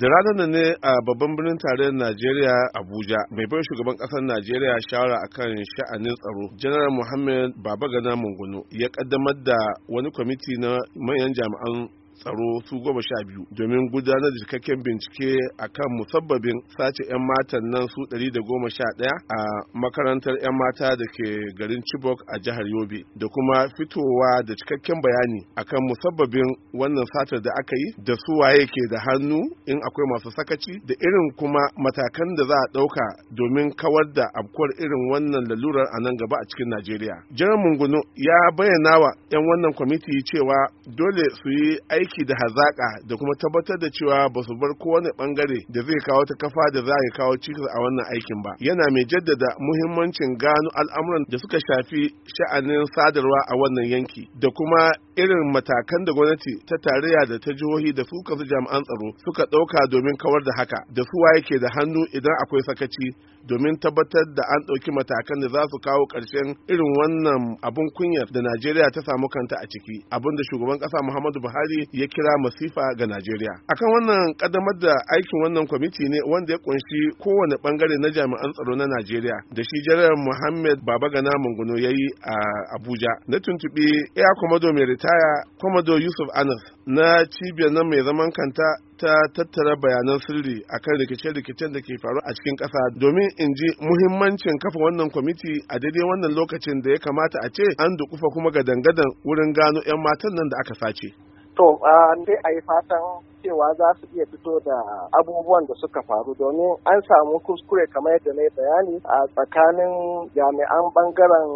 da ranar da ne a babban birnin tarayyar najeriya abuja mai bai shugaban kasar najeriya shawara akan sha'anin tsaro general muhammad babagana mungunu ya kaddamar da wani kwamiti na manyan jami'an tsaro su goma sha biyu domin gudanar da cikakken bincike a kan musabbabin sace 'yan matan nan su ɗari da goma sha ɗaya a makarantar 'yan mata da ke garin Chibok a jihar Yobe da kuma fitowa da cikakken bayani a kan musabbabin wannan satar da aka yi da su waye ke da hannu in akwai masu sakaci da irin kuma matakan da za a ɗauka domin kawar da abkuwar irin wannan lalurar a nan gaba a cikin Najeriya. Jiran mungunu ya bayyana wa 'yan wannan kwamiti cewa dole su yi aiki aiki da hazaƙa da kuma tabbatar da cewa ba su bar kowane bangare da zai kawo ta kafa da za a kawo cikas a wannan aikin ba yana mai jaddada muhimmancin gano al'amuran da suka shafi sha'anin sadarwa a wannan yanki da kuma irin matakan da gwamnati ta tarayya da ta jihohi da su kasu jami'an tsaro suka ɗauka domin kawar da haka da su waye ke da hannu idan akwai sakaci domin tabbatar da an ɗauki matakan da za su kawo ƙarshen irin wannan abun kunyar da Najeriya ta samu kanta a ciki abinda shugaban ƙasa Muhammadu Buhari ya kira masifa ga Najeriya. Akan wannan ƙaddamar da aikin wannan kwamiti ne wanda ya kunshi kowane bangare na jami'an tsaro na Najeriya da shi Janar Muhammad Babagana Mungunu ya yi a Abuja. Na tuntuɓi Air Commodore mai ritaya Commodore Yusuf Anas na cibiyar nan mai zaman kanta ta tattara bayanan sirri akan rikice-rikicen da ke faru a cikin ƙasa domin in ji muhimmancin kafa wannan kwamiti a daidai wannan lokacin da ya kamata a ce an dukufa kuma ga dangadan wurin gano 'yan matan nan da aka sace. To, sai a yi fatan cewa za su iya fito da abubuwan da suka faru domin an samu kuskure kamar yadda na yi bayani a tsakanin jami'an bangaren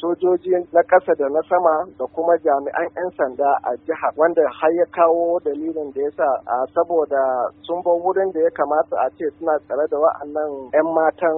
sojoji na kasa da na sama da kuma jami'an 'yan sanda a jihar wanda har ya kawo dalilin da ya sa a saboda sun bar wurin da ya kamata a ce suna tsare da wa'annan 'yan matan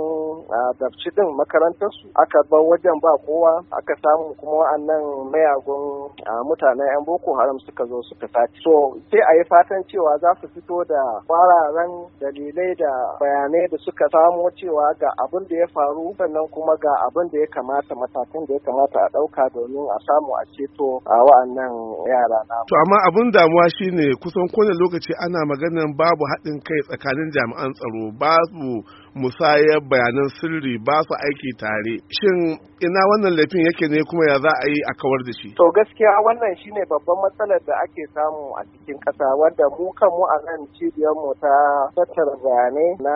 dabci din makarantarsu aka bar wajen ba kowa aka samu kuma wa'annan mayagun mutanen 'yan boko haram suka zo suka sace so sai a yi fatan cewa za su fito da kwararen dalilai da bayanai da suka samo cewa ga abin da ya faru sannan kuma ga abin da ya kamata matakan matakin da ya kamata a ɗauka domin a samu a ceto a wa'annan yara na. To amma abin damuwa shine kusan kowane lokaci ana maganin babu haɗin kai tsakanin jami'an tsaro babu musayar bayanan sirri ba su aiki tare. Shin ina wannan laifin yake ne kuma ya za a yi a kawar da shi? To gaskiya wannan shine babban matsalar da ake samu a cikin ƙasa wadda mu kanmu a nan cibiyarmu ta tattara bayanai na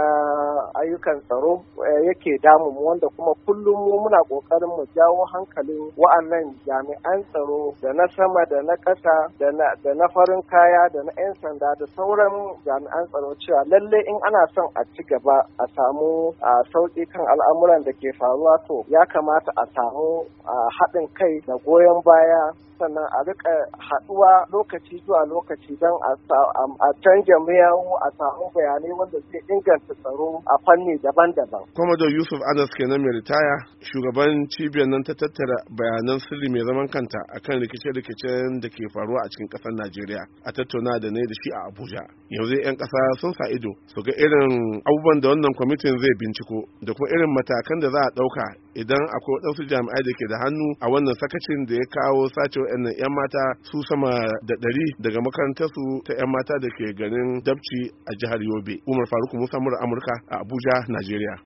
ayyukan tsaro eh, yake damu wanda kuma kullum mu muna ƙoƙarin mu jawo Kawo hankalin wa'annan jami'an tsaro da na sama da na ƙasa da na farin kaya da na 'yan sanda da sauran jami'an tsaro cewa lalle in ana son a ci gaba a samu sauƙi kan al'amuran da ke faruwa to ya kamata a samu haɗin kai da goyon baya sannan a rika haɗuwa lokaci zuwa lokaci don a canja miyawu a samu bayanai wanda zai inganta tsaro a fanni daban-daban. Komodo Yusuf Anas kenan mai ritaya shugaban cibiyar nan ta tattara bayanan sirri mai zaman kanta a kan rikice-rikicen da ke faruwa a cikin ƙasar Najeriya a tattauna da ne da shi a Abuja. Yanzu 'yan ƙasa sun sa ido su ga irin abubuwan da wannan kwamitin zai binciko da kuma irin matakan da za a ɗauka idan akwai waɗansu jami'ai da ke da hannu a wannan sakacin da ya kawo sace wa'annan 'yan mata su sama da ɗari daga makarantarsu ta 'yan mata da ke garin dabci a jihar yobe umar faruk musa amurka a abuja najeriya